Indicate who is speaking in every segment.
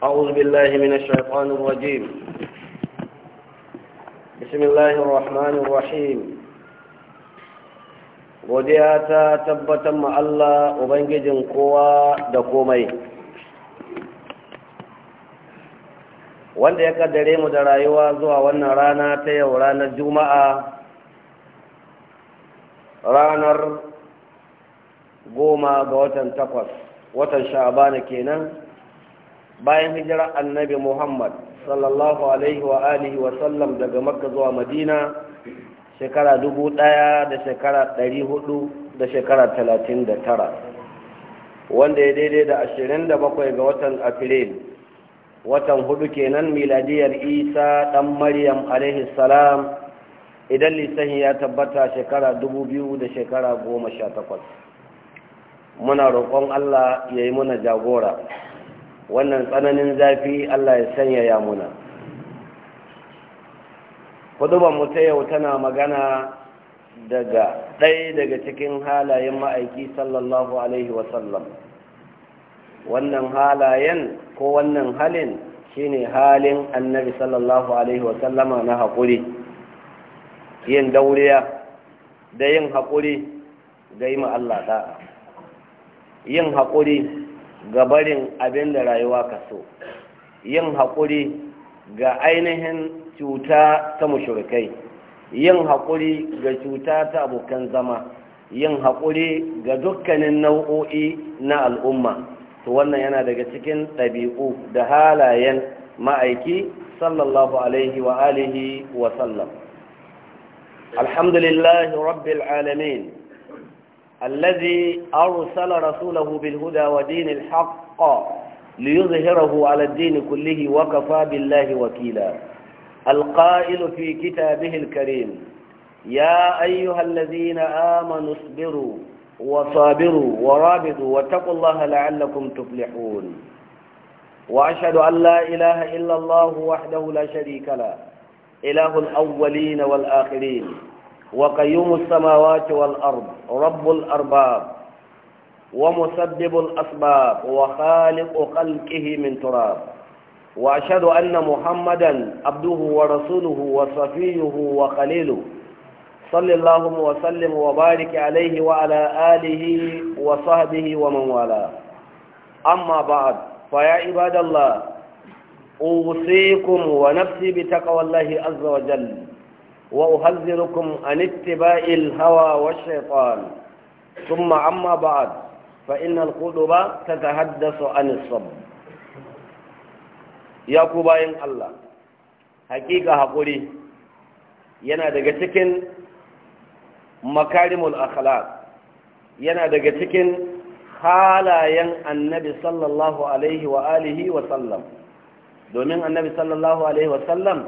Speaker 1: أعوذ بالله من الشيطان الرجيم بسم godiya ta tabbatar ma Allah Ubangijin kowa da komai wanda ya kaddare mu da rayuwa zuwa wannan rana ta yau ranar juma'a ranar goma ga watan takwas watan sha'abana kenan bayan hijira annabi muhammad sallallahu alaihi wa alihi wa sallam daga makka zuwa madina shekara dubu ɗaya da shekara dari hudu da shekara talatin da tara wanda ya daidai da ashirin da bakwai ga watan afril watan hudu kenan miladiyar isa ɗan maryam alaihi salam idan lissahi ya tabbata shekara dubu biyu da shekara goma sha takwas muna roƙon allah ya yi muna jagora wannan tsananin zafi Allah ya sanya ya muna hudubar mutu yau tana magana daga ɗaya daga cikin halayen ma'aiki sallallahu alaihi wasallam wannan halayen ko wannan halin shine halin annabi sallallahu alaihi wasallama na haƙuri yin dauriya da yin haƙuri ga yi Allah da'a yin haƙuri ga barin abin da rayuwa ka so yin haƙuri ga ainihin cuta ta mushirikai. yin haƙuri ga cuta ta abokan zama yin haƙuri ga dukkanin nau'o'i na al'umma to wannan yana daga cikin ɗabi'u da halayen ma'aiki sallallahu alaihi wa alihi wa sallam
Speaker 2: alhamdulillahi
Speaker 1: rabbil alamin الذي أرسل رسوله بالهدى ودين الحق ليظهره على الدين كله وكفى بالله وكيلا القائل في كتابه الكريم يا أيها الذين آمنوا اصبروا وصابروا ورابطوا واتقوا الله لعلكم تفلحون وأشهد أن لا إله إلا الله وحده لا شريك له إله الأولين والآخرين وقيوم السماوات والأرض رب الأرباب ومسبب الأسباب وخالق خلقه من تراب وأشهد أن محمدا عبده ورسوله وصفيه وخليله صلى الله وسلم وبارك عليه وعلى آله وصحبه ومن والاه أما بعد فيا عباد الله أوصيكم ونفسي بتقوى الله عز وجل وأحذركم عن اتباع الهوى والشيطان ثم عما بعد فإن القلوب تتحدث عن الصبر يا كوباين الله حقيقة هقولي yana daga cikin makarimul akhlaq yana daga cikin halayen annabi sallallahu alaihi wa alihi wa sallam domin annabi sallallahu alaihi wa sallam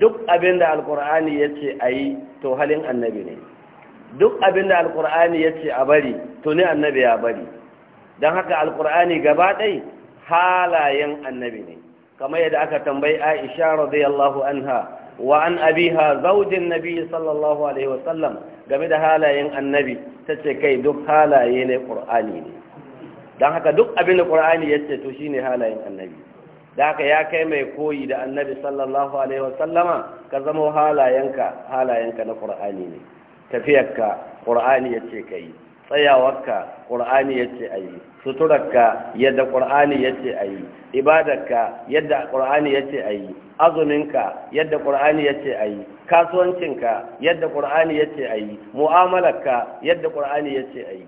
Speaker 1: duk abin da alkur'ani ya ce a yi to halin annabi ne duk abin da alkur'ani ya ce a bari to ne annabi ya bari don haka alkur'ani gaba ɗai halayen annabi ne kamar yadda aka tambayi aisha radiyallahu anha wa an abiha zaujin nabi sallallahu alaihi wasallam game da halayen annabi ta ce kai duk halaye ne ƙur'ani ne don haka duk abin da ƙur'ani ya ce to shine halayen annabi da aka ya kai mai koyi da annabi sallallahu alaihi wasallama ka zama halayenka halayenka na qur'ani ne tafiyarka qur'ani yace kai tsayawarka qur'ani yace ayi suturarka yadda qur'ani yace ayi ibadarka yadda qur'ani yace ayi azuminka yadda qur'ani yace ayi kasuwancinka yadda qur'ani yace ayi mu'amalarka yadda qur'ani yace ayi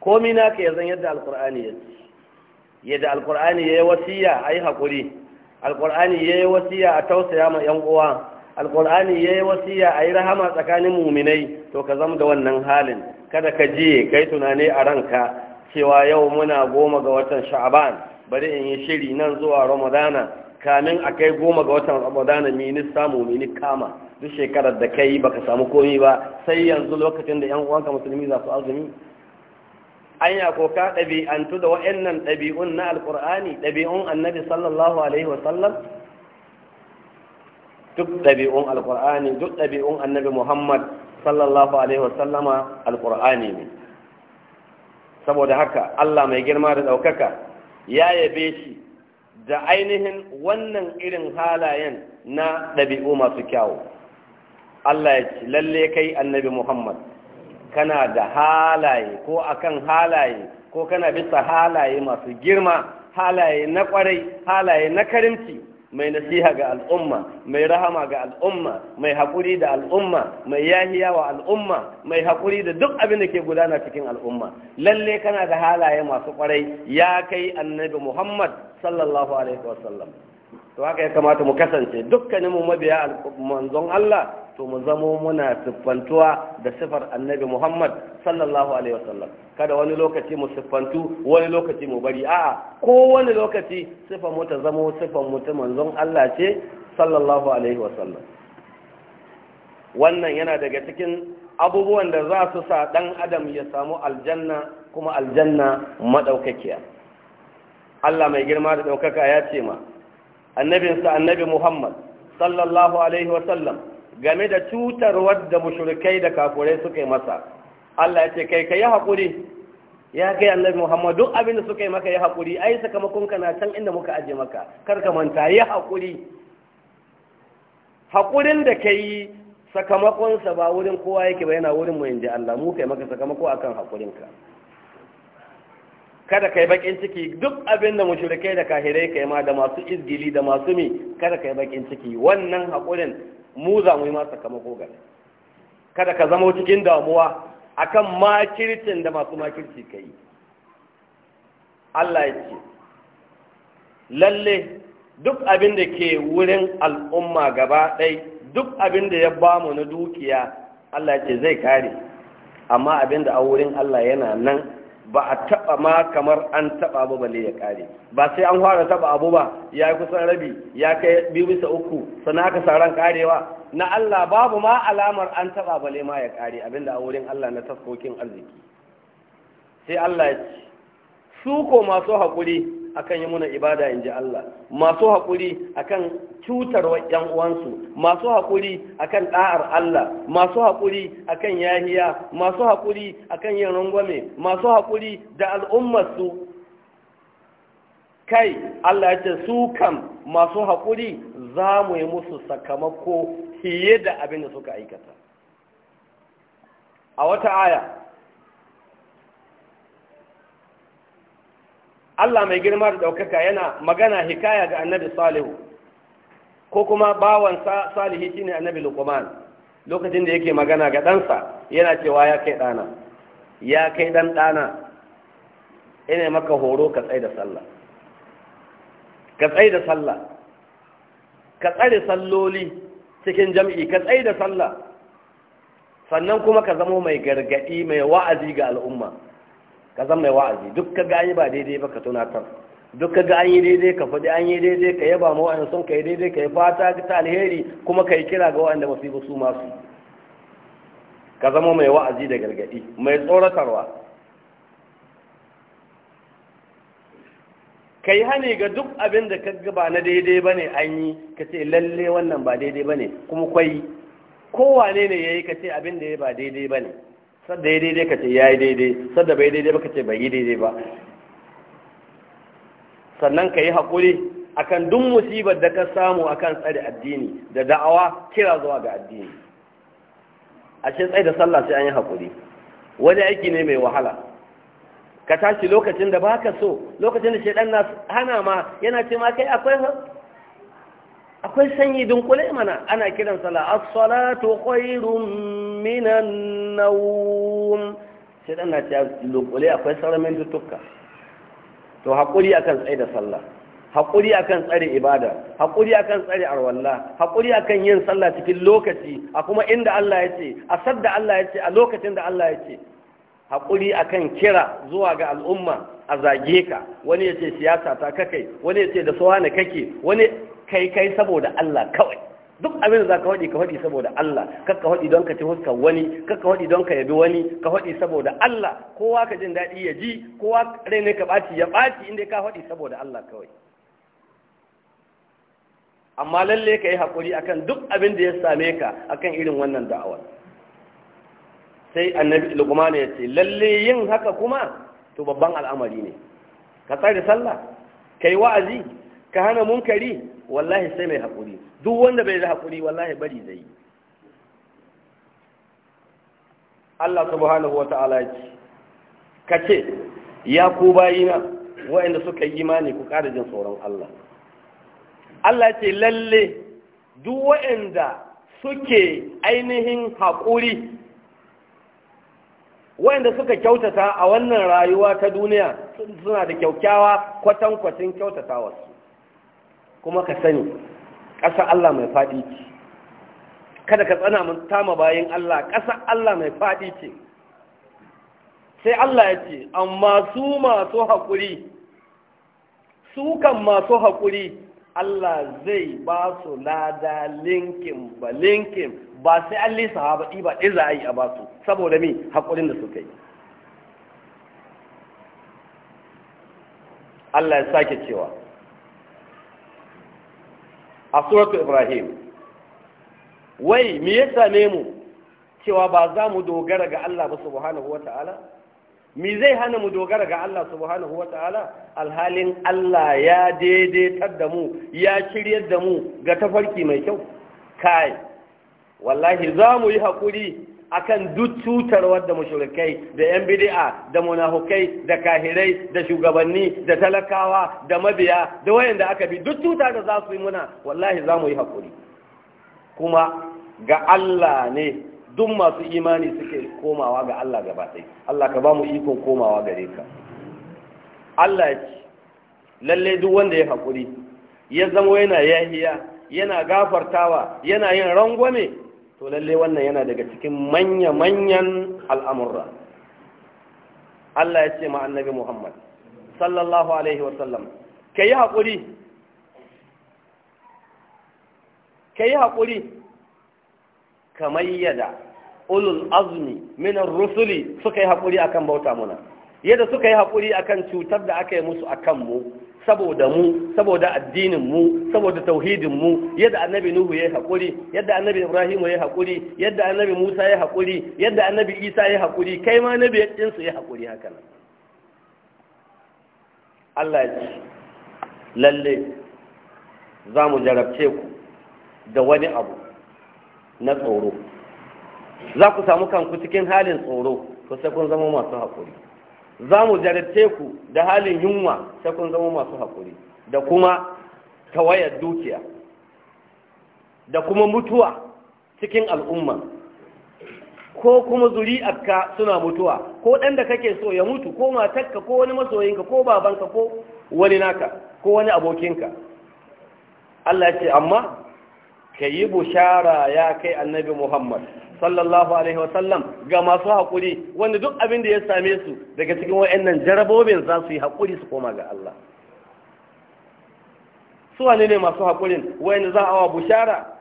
Speaker 1: komi naka yanzu yadda alqur'ani yace yadda alkur'ani ya yi wasiya a yi haƙuri alkur'ani ya yi wasiya a tausaya ma 'yan uwa alkur'ani ya yi wasiya a yi rahama tsakanin muminai to ka zama da wannan halin kada ka je kai tunani a ranka cewa yau muna goma ga watan sha'aban bari in yi shiri nan zuwa ramadana kamin a kai goma ga watan ramadana minista mumini kama duk shekarar da kai baka samu komi ba sai yanzu lokacin da 'yan uwanka musulmi za su azumi anya ko ka ɗabi'antu da wa'annan ɗabi'un na alƙur'ani ɗabi'un annabi sallallahu alaihi wasallam duk ɗabi'un alƙur'ani duk ɗabi'un annabi muhammad sallallahu alaihi wasallama alƙur'ani ne saboda haka allah mai girma da ɗaukaka ya yabe shi da ainihin wannan irin halayen na ɗabi'u masu kyawu allah ya ce lalle kai annabi muhammad kana da halaye ko akan halaye ko kana bisa halaye masu girma halaye na kwarai halaye na karimci mai nasiha ga al'umma mai rahama ga al'umma mai haƙuri da al'umma mai yahiya wa al'umma mai haƙuri da duk abin da ke gudana cikin al'umma lalle kana da halaye masu kwarai ya kai annabi muhammad sallallahu alaihi wasallam to haka ya kamata mu kasance dukkaninmu mabiya manzon allah to mu zamo muna siffantuwa da sifar annabi Muhammad sallallahu alaihi wasallam kada wani lokaci mu siffantu wani lokaci mu bari a'a ko wani lokaci sifar mu ta zamo sifar mu ta manzon Allah ce sallallahu alaihi wasallam wannan yana daga cikin abubuwan da za su sa dan adam ya samu aljanna kuma aljanna madaukakiya Allah mai girma da daukaka ya ce ma annabinsa annabi Muhammad sallallahu alaihi wasallam game da cutarwar da mushrikai da kafurai suka yi masa Allah ya ce kai ka yi haƙuri ya kai annabi Muhammad duk abin da suka yi maka ya haƙuri ai sakamakon ka na can inda muka aje maka kar ka manta ya haƙuri haƙurin da ka yi sakamakon sa ba wurin kowa yake ba yana wurin mu inji Allah mu kai maka sakamako akan haƙurin ka kada kai bakin ciki duk abin da mushrikai da kahirai kai ma da masu izgili da masu mi kada kai bakin ciki wannan hakurin. mu za mu yi ma kama gare kada ka zama cikin damuwa akan makircin da masu makirci ka yi Allah ya ce lalle duk abin da ke wurin al'umma gaba ɗai duk abin da ya ba mu na dukiya Allah ya ce zai kare amma abin da a wurin Allah yana nan ba a taba ma kamar an taba ba balle ya kare ba sai an fara taba abu ba ya yi kusan rabi ya kai biyu bisa uku sana ka sa ran karewa na Allah babu ma alamar an taba balle ma ya kare abinda a wurin Allah na taskokin arziki sai Allah ya ce su ko masu haƙuri akan yi muna ibada in ji Allah masu haƙuri akan cutar yan uwansu masu haƙuri akan ɗa'ar Allah masu haƙuri akan yahiya masu haƙuri akan yin rangwame masu haƙuri da al'ummarsu kai Allah ya ce su kam masu haƙuri za mu yi musu sakamako fiye da abin da suka aikata a wata aya Allah mai girma da ɗaukaka yana magana hikaya ga annabi salihu ko kuma Salihu shi ne annabi luqman lokacin da yake magana ga ɗansa yana cewa ya kai ɗana ya kai ɗan ɗana ina maka horo ka tsaye da sallah ka tsai da sallah ka tsare salloli cikin jam'i ka tsai da sallah sannan kuma ka zamo mai gargaɗi mai wa'azi ga al'umma ka zama mai wa'azi duk ka ga yi ba daidai ba ka tunatar duk ka ga an yi daidai ka faɗi an yi daidai ka yaba ma wa'anda sun ka yi daidai ka yi fata ta alheri kuma ka yi kira ga wa'anda ba su yi su masu ka zama mai wa'azi da gargaɗi mai tsoratarwa ka yi hani ga duk abin da ka gaba na daidai ba ne an yi ka ce lalle wannan ba daidai ba ne kuma kwai kowane ne ya yi ka ce abin da ya ba daidai ba ne sadda ya daidai ka ce ya yi daidai sadda bai daidai ba ce bai yi daidai ba sannan ka yi haƙuri kan dun musibar da ka samu akan tsare addini da da'awa kira zuwa ga addini a ce tsaye da sallah sai an yi haƙuri wani aiki ne mai wahala ka tashi lokacin da ba ka so lokacin da shaidan na hana ma yana ce ma kai akwai akwai sanyi dunkule mana ana kiran sala as-salatu khairum minan nawm sai dan ta dunkule akwai saramin tutukka to hakuri akan tsaye da sallah hakuri akan tsare ibada hakuri akan tsare arwalla hakuri akan yin sallah cikin lokaci a kuma inda Allah ya ce a sadda Allah ya ce a lokacin da Allah ya ce hakuri akan kira zuwa ga al'umma a zage ka wani ya ce siyasa ta kakai wani ya ce da suwa kake wani kai kai saboda Allah kawai duk abin da za ka haɗi ka haɗi saboda Allah ka ka haɗi don ka ci huskar wani ka ka haɗi don ka yabi wani ka haɗi saboda Allah kowa ka jin daɗi ya ji kowa rai ne ka baci ya ɓaci inda ka haɗi saboda Allah kawai amma lalle ka yi haƙuri akan duk abin da ya same ka akan irin wannan da'awar sai annabi Lukumana ya ce lalle yin haka kuma to babban al'amari ne ka tsare sallah kai wa'azi ka hana munkari wallahi sai mai haƙuri duk wanda bai da haƙuri wallahi bari zai yi Allah subhanahu wa ta'ala ya ce ka ce ya ku bayina waɗanda suka yi imani ku ƙara jin tsoron Allah Allah ce lalle duk waɗanda suke ainihin haƙuri waɗanda suka kyautata a wannan rayuwa ta duniya suna da kyaukyawa kwatankwacin kyautatawarsu kuma ka sani ƙasa Allah mai faɗi ce kada ka tsana mun tama bayan Allah ƙasa Allah mai faɗi ce sai Allah ya ce amma su masu haƙuri su kan masu haƙuri Allah zai ba su lada linkin ba linkin ba sai an lisa ba ba ɗi za a yi a ba su saboda me haƙurin da suka yi Allah ya sake cewa a suratu ibrahim wai me ya same mu cewa ba za mu dogara ga Allah ba subhanahu ta'ala? me zai hana mu dogara ga Allah subhanahu ta'ala? alhalin Allah ya daidaitar da mu ya shiryar da mu ga tafarki mai kyau kai wallahi za mu yi haƙuri akan duk cutar wadda mushrikai da yan bid'a da munafukai da kahirai da shugabanni da talakawa da mabiya da wayanda aka bi duk cuta da za su yi muna wallahi za mu yi hakuri kuma ga Allah ne duk masu imani suke komawa ga Allah gaba ɗaya Allah ka ba mu ikon komawa gare ka Allah ya ce lalle duk wanda ya hakuri ya zama yana yahiya yana gafartawa yana yin rangwame to lalle wannan yana daga cikin manya-manyan al'amurra Allah ya ce ma annabi Muhammad sallallahu alaihi wasallam ka yi haƙuri ka yi kamar yada ulul azumi minar rusuli suka yi haƙuri akan bauta muna yadda suka yi haƙuri akan cutar da aka yi musu a kanmu saboda mu saboda addininmu, saboda tauhidinmu, yadda annabi nuhu ya yi haƙuri, yadda annabi ibrahimu ya yi haƙuri, yadda annabi musa ya yi haƙuri, yadda annabi isa ya yi haƙuri, kai ma nabi din ya yi haƙuri haka nan Allah ya ce lalle za mu jarabce ku da wani abu na tsoro za ku samu kanku cikin halin tsoro to sai kun zama masu haƙuri. za mu jarabce ku da halin yunwa sai kun zama masu haƙuri da kuma tawayar dukiya da kuma mutuwa cikin al'umma ko kuma zuri'arka suna mutuwa ko ɗan da kake so ya mutu ko matarka ko wani masoyinka ko babanka ko wani naka ko wani abokinka Allah ce amma ka yi bushara ya kai annabi Muhammad sallallahu alaihi sallam ga masu haƙuri wanda duk abin da ya same su daga cikin wayannan jarabobin za su yi haƙuri su koma ga Allah su wane ne masu haƙurin wayanda za a wa bushara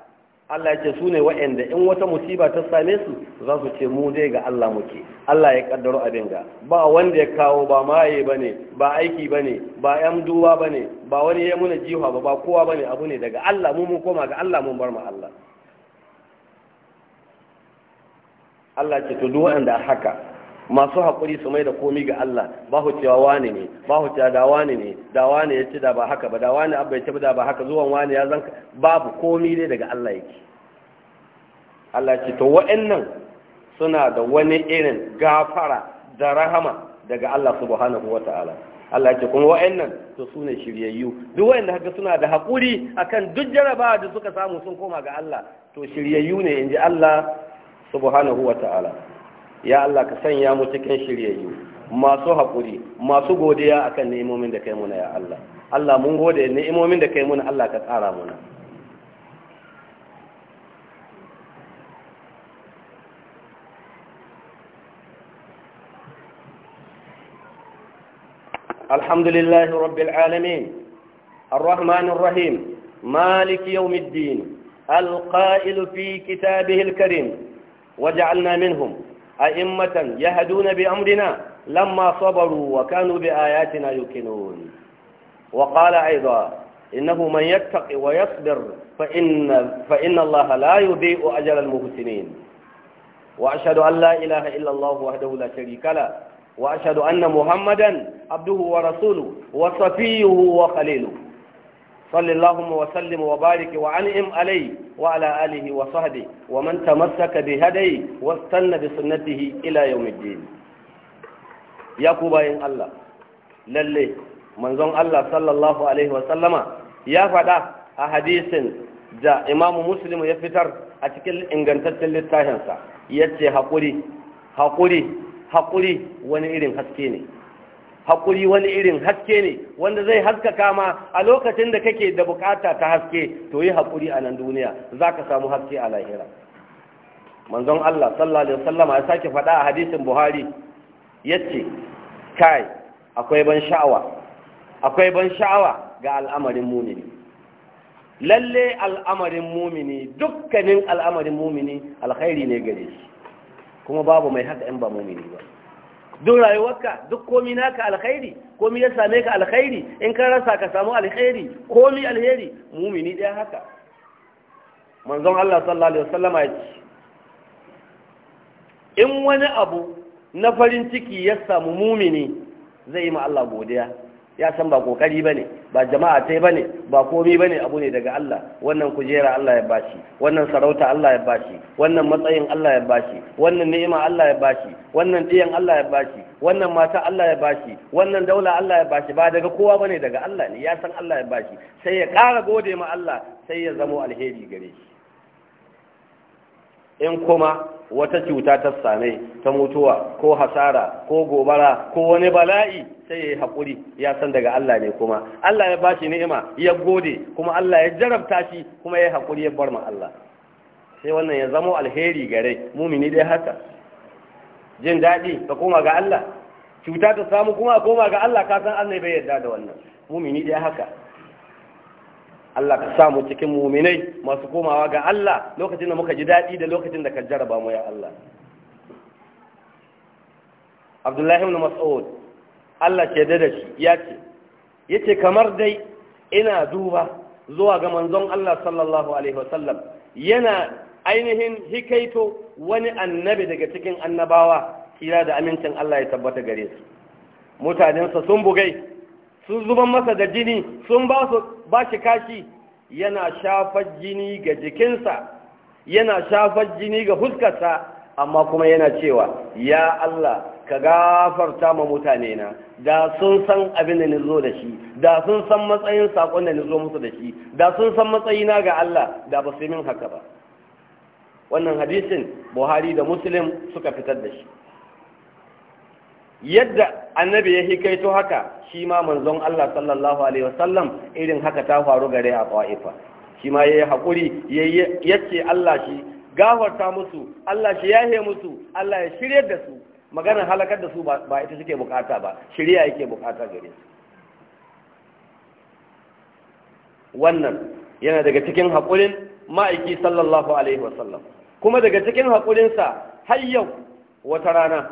Speaker 1: Allah yake su ne waɗanda in wata musiba ta same su za su ce mu dai ga Allah muke Allah ya kaddaro abin ga ba wanda ya kawo ba maye bane ba aiki bane ba yan duwa bane ba wani ya muna jiwa ba ba kowa bane abu ne daga Allah mu mun koma ga Allah mun bar ma Allah Allah ce to duk waɗanda haka masu haƙuri su mai da komi ga Allah ba hu cewa wani ne ba hu cewa da wani ne da wani ya ci da ba haka ba da wani abu ya ci da ba haka zuwan wani ya zanka babu komi ne daga Allah yake Allah ce to wa'annan suna da wani irin gafara da rahama daga Allah subhanahu wata'ala Allah ce kuma wa'annan to sune shiryayyu duk wanda haka suna da haƙuri akan duk jarabawa da suka samu sun koma ga Allah to shiryayyu ne inji Allah subhanahu wata'ala ya Allah ka sanya mu cikin shiryayyu masu haƙuri masu godiya akan ni'imomin da kai muna ya Allah Allah mun gode ni'imomin da kai muna Allah ka tsara muna الحمد لله رب العالمين الرحمن الرحيم مالك يوم الدين القائل في كتابه الكريم وجعلنا منهم أئمة يهدون بأمرنا لما صبروا وكانوا بآياتنا يوقنون وقال أيضا إنه من يتق ويصبر فإن, فإن الله لا يضيء أجل المحسنين وأشهد أن لا إله إلا الله وحده لا شريك له وأشهد أن محمدا عبده ورسوله وصفيه وخليله صل اللهم وسلم وبارك وعنهم عليه وعلى آله وصحبه ومن تمسك بهدي واستنى بسنته إلى يوم الدين يا كوباين الله للي منزون الله صلى الله عليه وسلم يا فدا أحاديث جاء إمام مسلم يفتر أتكل إن جنتت للتاهنسا يتي حقوري حقوري حقوري ونئرم حسكيني haƙuri wani irin haske ne wanda zai haskaka ma a lokacin da kake da bukata ta haske to yi haƙuri a nan duniya za ka samu haske a lahira manzon Allah sallallahu alaihi wasallam ya sake faɗa a hadisin Buhari yace kai akwai ban sha'awa akwai ban sha'awa ga al'amarin mumini lalle al'amarin mumini dukkanin al'amarin mumini alkhairi ne gare shi kuma babu mai haka in ba mumini ba duk rayuwarka duk komi naka alkhairi komi ya same ka alkhairi in ka rasa ka samu alkhairi komi alheri mumini ɗaya haka manzon Allah sallallahu alaihi wasallama ya ce in wani abu na farin ciki ya samu mumini zai yi ma Allah godiya ya san ba kokari bane ba jama'a tai bane ba komai bane abu ne daga Allah wannan kujera Allah ya bashi wannan sarauta Allah ya bashi wannan matsayin Allah ya bashi wannan ni'ima Allah ya bashi wannan ɗiyan Allah ya bashi wannan mata Allah ya bashi wannan daula Allah ya bashi ba daga kowa bane daga Allah ne ya san Allah ya bashi sai ya ƙara gode ma Allah sai ya zamo alheri gare shi in kuma wata cuta ta same ta mutuwa ko hasara ko gobara ko wani bala'i sai ya yi haƙuri ya san daga Allah ne kuma Allah ya bashi ni'ima ya gode kuma Allah ya jarabta shi kuma ya yi haƙuri ya bar ma Allah sai wannan ya zamo alheri gare mumini dai haka jin daɗi ka koma ga Allah cuta ta samu kuma a koma ga Allah ka san Allah bai yarda da wannan mumini dai haka Allah ka samu cikin muminai masu komawa ga Allah lokacin da muka ji daɗi da lokacin da ka jaraba mu ya Allah Abdullahi ibn Mas'ud Allah ke da shi ya ce yace kamar dai ina duba zuwa ga manzon Allah sallallahu alaihi wasallam yana ainihin hikaito wani annabi daga cikin annabawa kira da amincin Allah ya tabbata gare su mutanensa sun bugai sun zuban masa da jini sun ba su ba shi kashi yana shafar jini ga jikinsa yana shafar jini ga fuskarsa amma kuma yana cewa ya Allah ka gafarta ma mutane na da sun san abin da nizo da shi da sun san matsayin sakon da nizo musu da shi da sun san matsayina ga Allah da ba su min haka ba wannan hadisin Buhari da Muslim suka fitar da shi yadda annabi ya hikaito haka shi ma manzon Allah sallallahu alaihi wasallam irin haka ta faru gare a Ta'ifa shi ma yayi hakuri ce Allah shi gafarta musu Allah shi yahe musu Allah ya shiryar da su maganar halakar da su ba ita suke bukata ba shirya yake bukata gare su wannan yana daga cikin haƙurin ma'aiki sallallahu alaihi wasallam kuma daga cikin haƙurinsa har yau wata rana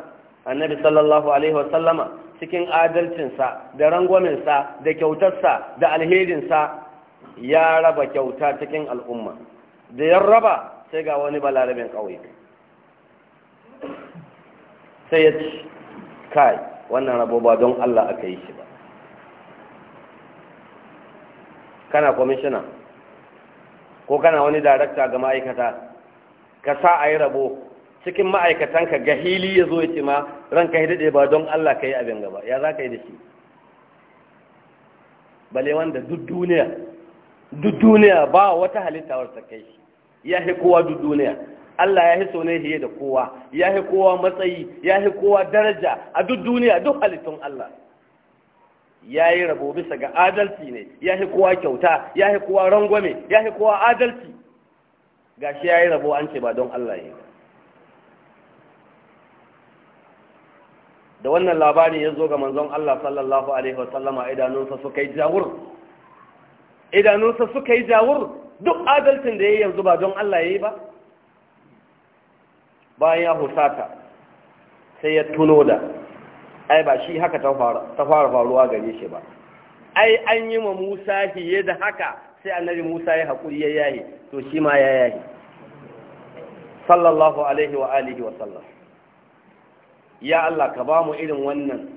Speaker 1: annabi sallallahu alaihi wasallama cikin adalcinsa da rangwaminsa da kyautarsa da alherinsa ya raba kyauta cikin al'umma da ya raba sai ga wani balarabin ƙauye sai ya ci kai wannan rabo ba don Allah aka yi shi ba kana kwamishina ko kana wani darakta ga ma'aikata ka sa a yi rabo cikin ma'aikatanka ga hili ya zo ya ce ma ranka ya daɗe ba don Allah ka yi abin gaba ya za ka yi da shi bale wanda duk duniya duk duniya ba wata halitta ta kai shi ya fi kowa duk duniya Allah ya fi so ne da kowa ya fi kowa matsayi ya fi kowa daraja a duk duniya duk halittun Allah ya yi rabo bisa ga adalci ne ya fi kowa kyauta ya fi kowa rangwame ya fi kowa adalci gashi ya yi rabo an ce ba don Allah ya yi da wannan labari ya zo ga manzon Allah sallallahu alaihi wasallama idanunsa suka yi jawur idanunsa suka yi jawur duk adalcin da ya yi yanzu ba don Allah ya yi ba bayan ya husata sai ya tuno da ai ba shi haka ta fara faruwa gare shi ba ai an yi ma Musa hiye da haka sai annabi Musa ya haƙuri ya yahi to shi ma ya yahi sallallahu alaihi wa alihi wa sallam ya Allah ka ba mu irin wannan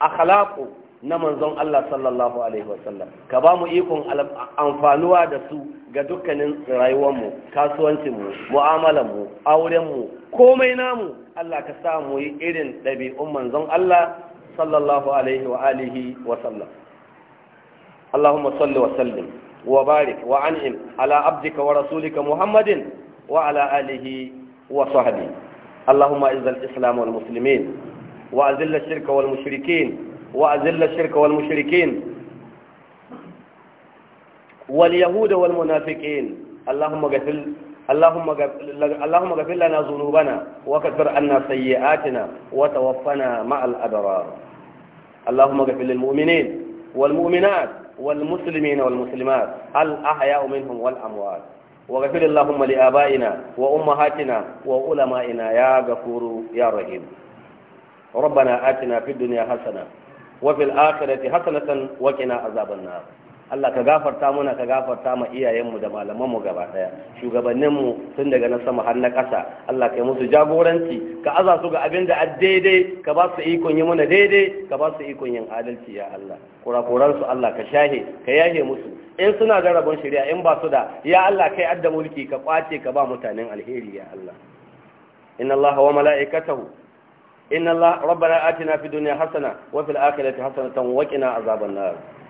Speaker 1: akhlaqu na manzon Allah sallallahu alaihi wasallam ka ba mu ikon amfanuwa da su ga dukkanin rayuwar mu, mu, rayuwarmu mu, auren mu, komai namu Allah ka sa mu yi irin ɗabi'un manzon Allah sallallahu alaihi wa alihi wasallam اللهم صل وسلم وبارك وعنهم على عبدك ورسولك محمد وعلى آله وصحبه اللهم اعز الإسلام والمسلمين وأذل الشرك والمشركين وأذل الشرك والمشركين واليهود والمنافقين اللهم اغفر اللهم اللهم اغفر لنا ذنوبنا وكفر عنا سيئاتنا وتوفنا مع الأبرار اللهم اغفر للمؤمنين والمؤمنات والمسلمين والمسلمات الأحياء منهم والأموات وغفر اللهم لآبائنا وأمهاتنا وعلمائنا يا غفور يا رحيم ربنا آتنا في الدنيا حسنة وفي الآخرة حسنة وقنا عذاب النار Allah ka gafarta mana ka gafarta ma iyayenmu da malamanmu gaba daya shugabanninmu tun daga na sama har na ƙasa Allah ka yi musu jagoranci ka aza su ga abin da daidai ka ba su ikon yi mana daidai ka ba su ikon yin adalci ya Allah kurakuransu Allah ka shahe ka yahe musu in suna da rabon shari'a in ba su da ya Allah kai adda mulki ka kwace ka ba mutanen alheri ya Allah inna Allah wa mala'ikatahu inna Allah rabbana atina fid dunya hasana wa fil akhirati hasanatan wa qina azaban nar